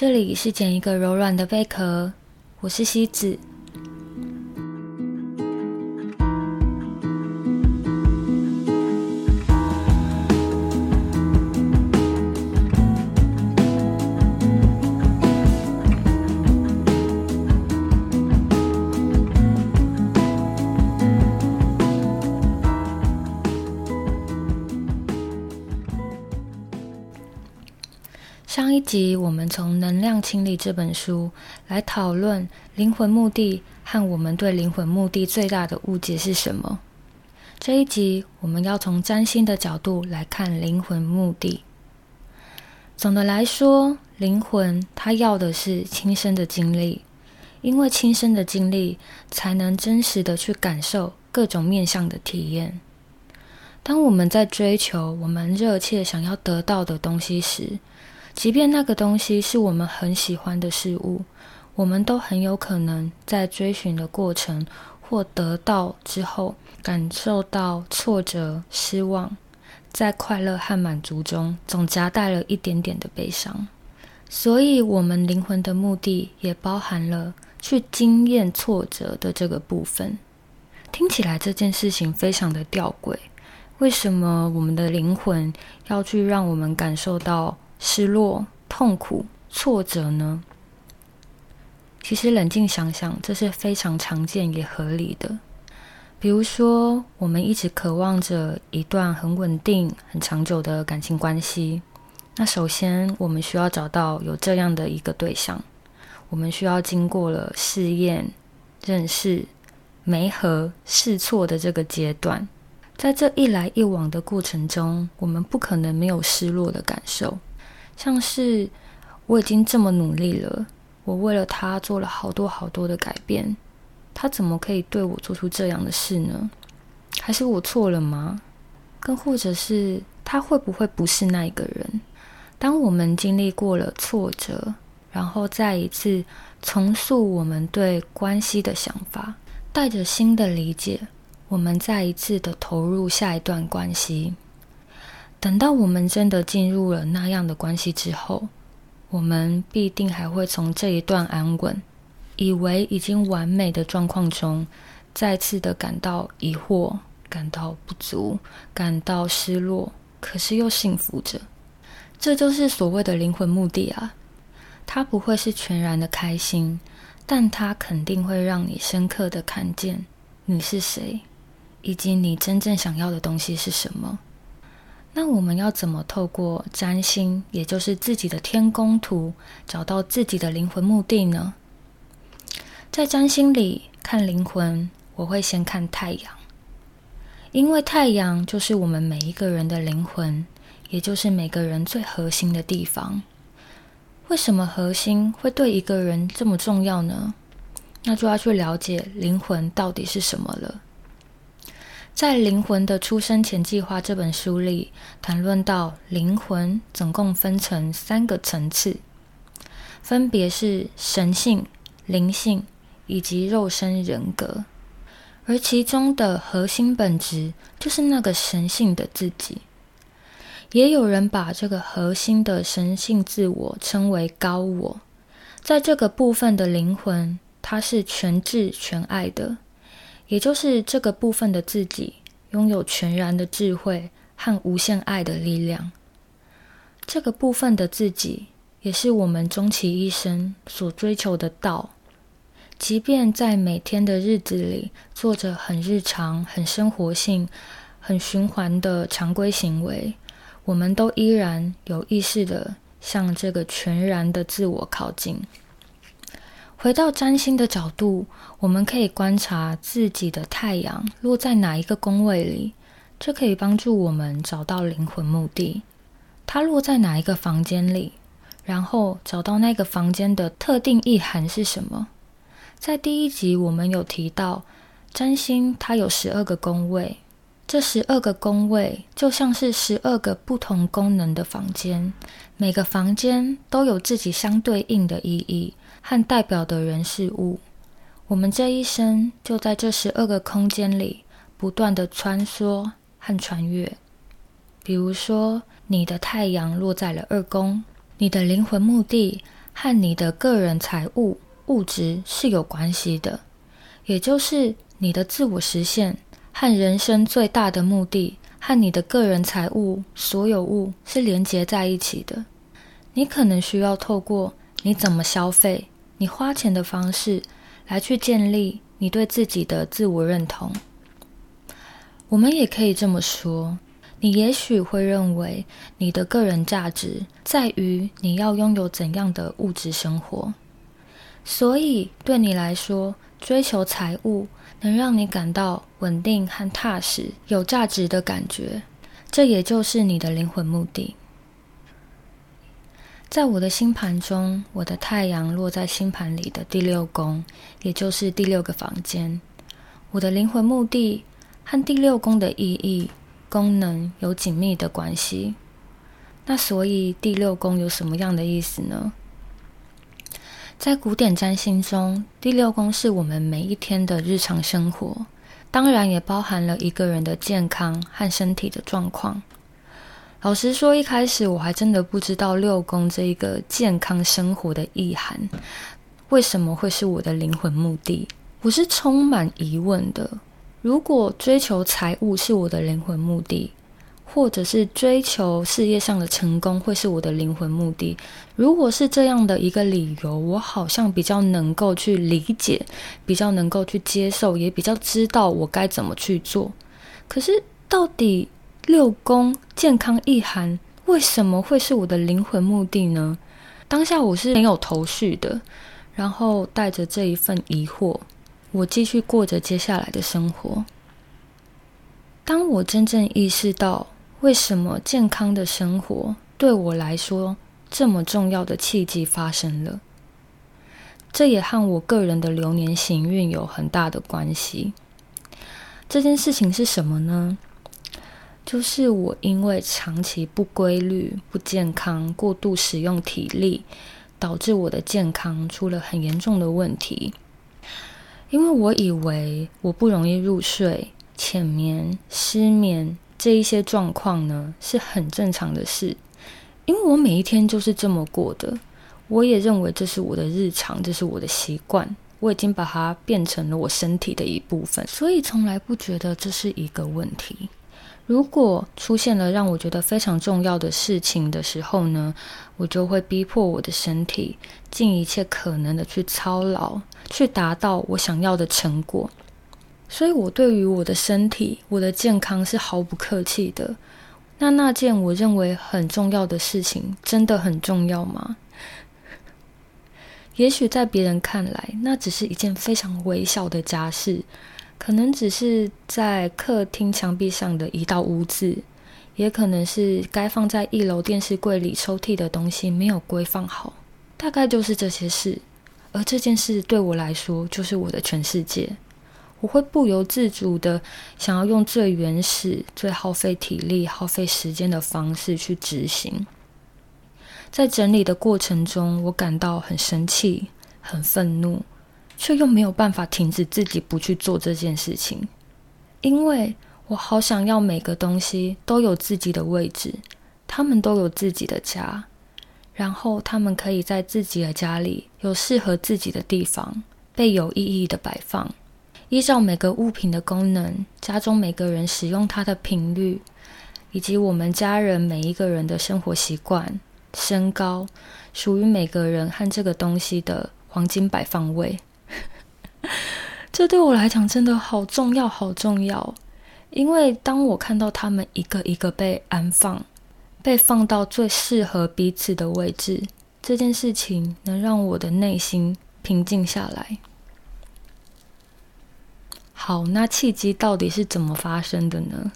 這裡是撿一個柔軟的貝殼，我是西子。上一集我們從《能量清理》這本書來討論靈魂目的和我們對靈魂目的最大的誤解是什麼。這一集我們要從占星的角度來看靈魂目的。總的來說，靈魂它要的是親身的經歷，因為親身的經歷才能真實的去感受各種面向的體驗。當我們在追求我們熱切想要得到的東西時，即便那個東西是我們很喜歡的事物，我們都很有可能在追尋的過程或得到之後，感受到挫折、失望，在快樂和滿足中總夾帶了一點點的悲傷。所以，我們靈魂的目的也包含了去經驗挫折的這個部分。聽起來這件事情非常的吊詭，為什麼我們的靈魂要去讓我們感受到？失落、痛苦、挫折呢？其實冷靜想想，這是非常常見也合理的。比如說，我們一直渴望着一段很穩定、很長久的感情關係。那首先，我們需要找到有這樣的一個對象。我們需要經過了試驗、認識、媒合、試錯的這個階段。在這一來一往的過程中，我們不可能沒有失落的感受。像是我已經這麼努力了，我為了他做了好多好多的改變，他怎麼可以對我做出這樣的事呢？還是我錯了嗎？更或者是他會不會不是那一個人？當我們經歷過了挫折，然後再一次重塑我們對關係的想法，帶着新的理解，我們再一次的投入下一段關係。等到我們真的進入了那樣的關係之後，我們必定還會從這一段安穩、以為已經完美的狀況中，再次的感到疑惑、感到不足、感到失落，可是又幸福着。這就是所謂的靈魂目的啊！它不會是全然的開心，但它肯定會讓你深刻的看見你是誰，以及你真正想要的東西是什麼。那我們要怎麼透過占星，也就是自己的天宮圖，找到自己的靈魂目的呢？在占星裡看靈魂，我會先看太陽，因為太陽就是我們每一個人的靈魂，也就是每個人最核心的地方。為什麼核心會對一個人這麼重要呢？那就要去了解靈魂到底是什麼了。在《靈魂的出生前計劃》這本書裡，談論到靈魂總共分成三個層次，分別是神性、靈性以及肉身人格，而其中的核心本質就是那個神性的自己。也有人把這個核心的神性自我稱為高我，在這個部分的靈魂，它是全智全愛的。也就是這個部分的自己，擁有全然的智慧和無限愛的力量。這個部分的自己，也是我們終其一生所追求的道。即便在每天的日子裡，做着很日常、很生活性、很循環的常規行為，我們都依然有意識地向這個全然的自我靠近。回到占星的角度，我們可以觀察自己的太陽落在哪一個宮位裡，這可以幫助我們找到靈魂目的。它落在哪一個房間裡，然後找到那個房間的特定意涵是什麼。在第一集我們有提到，占星它有十二個宮位，這十二個宮位就像是十二個不同功能的房間，每個房間都有自己相對應的意義和代表的人事物，我們這一生就在這十二個空間裡不斷地穿梭和穿越。比如說，你的太陽落在了二宮，你的靈魂目的和你的個人財物、物質是有關係的，也就是你的自我實現和人生最大的目的和你的個人財物所有物是連接在一起的。你可能需要透過你怎麼消費，你花錢的方式，來去建立你對自己的自我認同。我們也可以這麼說，你也許會認為你的個人價值在於你要擁有怎樣的物質生活，所以對你來說，追求財務能讓你感到穩定和踏實、有價值的感覺，這也就是你的靈魂目的。在我的星盤中，我的太陽落在星盤裡的第六宮，也就是第六個房間。我的靈魂目的和第六宮的意義、功能有緊密的關係。那所以第六宮有什麼樣的意思呢？在古典占星中，第六宮是我們每一天的日常生活，當然也包含了一個人的健康和身體的狀況。老實說，一開始我還真的不知道六宮這一個健康生活的意涵，為什麼會是我的靈魂目的。我是充滿疑問的。如果追求財務是我的靈魂目的，或者是追求事業上的成功會是我的靈魂目的，如果是這樣的一個理由，我好像比較能夠去理解，比較能夠去接受，也比較知道我該怎麼去做。可是到底？六宮健康意涵，為什麼會是我的靈魂目的呢？當下我是沒有頭緒的，然後帶着這一份疑惑，我繼續過着接下來的生活。當我真正意識到為什麼健康的生活對我來說這麼重要的契機發生了，這也和我個人的流年行運有很大的關係。這件事情是什麼呢？就是我因為長期不規律、不健康、過度使用體力，導致我的健康出了很嚴重的問題。因為我以為我不容易入睡、淺眠、失眠這一些狀況呢，是很正常的事。因為我每一天就是這麼過的，我也認為這是我的日常，這是我的習慣，我已經把它變成了我身體的一部分，所以從來不覺得這是一個問題。如果出現了讓我覺得非常重要的事情的時候呢，我就會逼迫我的身體盡一切可能的去操勞，去達到我想要的成果。所以，我對於我的身體、我的健康是毫不客氣的。那那件我認為很重要的事情，真的很重要嗎？也許在別人看來，那只是一件非常微小的家事。可能只是在客廳牆壁上的一道污漬，也可能是該放在一樓電視櫃裡抽屜的東西沒有歸放好，大概就是這些事。而這件事對我來說就是我的全世界，我會不由自主地想要用最原始、最耗費體力、耗費時間的方式去執行。在整理的過程中，我感到很生氣、很憤怒。卻又沒有辦法停止自己不去做這件事情，因為我好想要每個東西都有自己的位置，他們都有自己的家，然後他們可以在自己的家裡有適合自己的地方，被有意義的擺放，依照每個物品的功能、家中每個人使用它的頻率，以及我們家人每一個人的生活習慣、身高，屬於每個人和這個東西的黃金擺放位。這對我來講真的好重要，好重要。因為當我看到他們一個一個被安放，被放到最適合彼此的位置，這件事情能讓我的內心平靜下來。好，那契機到底是怎麼發生的呢？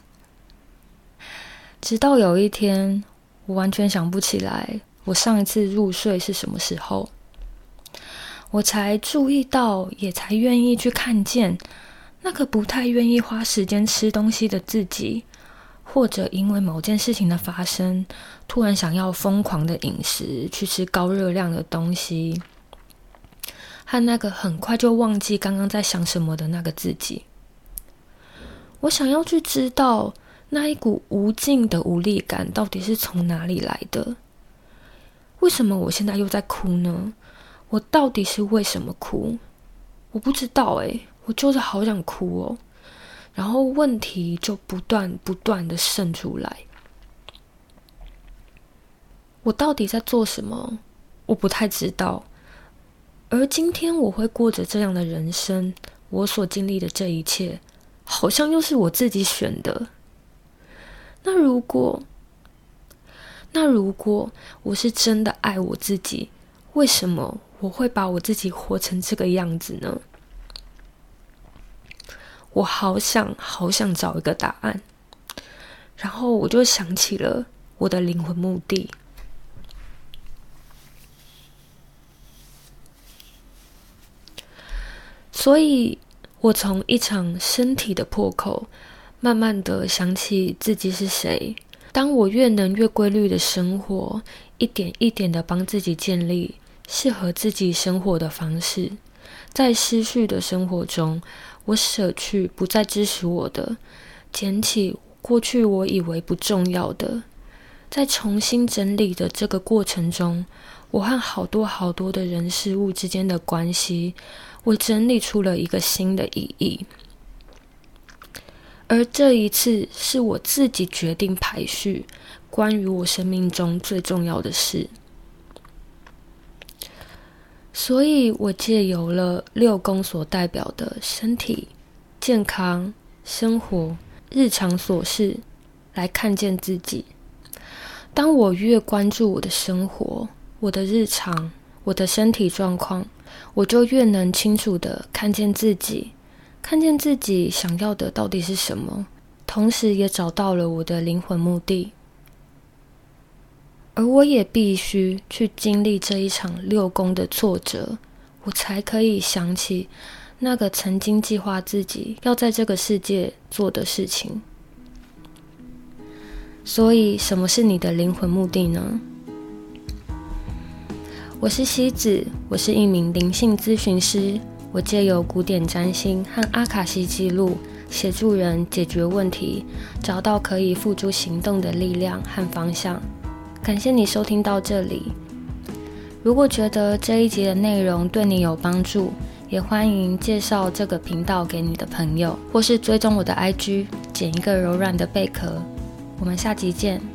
直到有一天，我完全想不起來我上一次入睡是什麼時候。我才注意到，也才願意去看見那個不太願意花時間吃東西的自己，或者因為某件事情的發生，突然想要瘋狂的飲食，去吃高熱量的東西，和那個很快就忘記剛剛在想什麼的那個自己。我想要去知道那一股無盡的無力感到底是從哪裡來的？為什麼我現在又在哭呢？我到底是為什麼哭？我不知道哎，我就是好想哭哦。然後問題就不斷不斷的滲出來。我到底在做什麼？我不太知道。而今天我會過着這樣的人生，我所經歷的這一切，好像又是我自己選的。那如果，那如果我是真的愛我自己，為什麼？我會把我自己活成這個樣子呢？我好想好想找一個答案，然後我就想起了我的靈魂目的。所以我從一場身體的破口，慢慢的想起自己是誰。當我越能越規律的生活，一點一點的幫自己建立，適合自己生活的方式，在失序的生活中，我捨去不再支持我的，撿起過去我以為不重要的，在重新整理的這個過程中，我和好多好多的人事物之間的關係，我整理出了一個新的意義，而這一次是我自己決定排序，關於我生命中最重要的事。所以，我借由了六宮所代表的身體、健康、生活、日常瑣事來看見自己。當我越關注我的生活、我的日常、我的身體狀況，我就越能清楚的看見自己，看見自己想要的到底是什麼，同時也找到了我的靈魂目的。而我也必須去經歷這一場六宮的挫折，我才可以想起那個曾經計劃自己要在這個世界做的事情。所以，什麼是你的靈魂目的呢？我是西子，我是一名靈性諮詢師，我借由古典占星和阿卡西記錄，協助人解決問題，找到可以付諸行動的力量和方向。感謝你收聽到這裡。如果覺得這一集的內容對你有幫助，也歡迎介紹這個頻道給你的朋友，或是追蹤我的 IG「撿一個柔軟的貝殼」。我們下集見。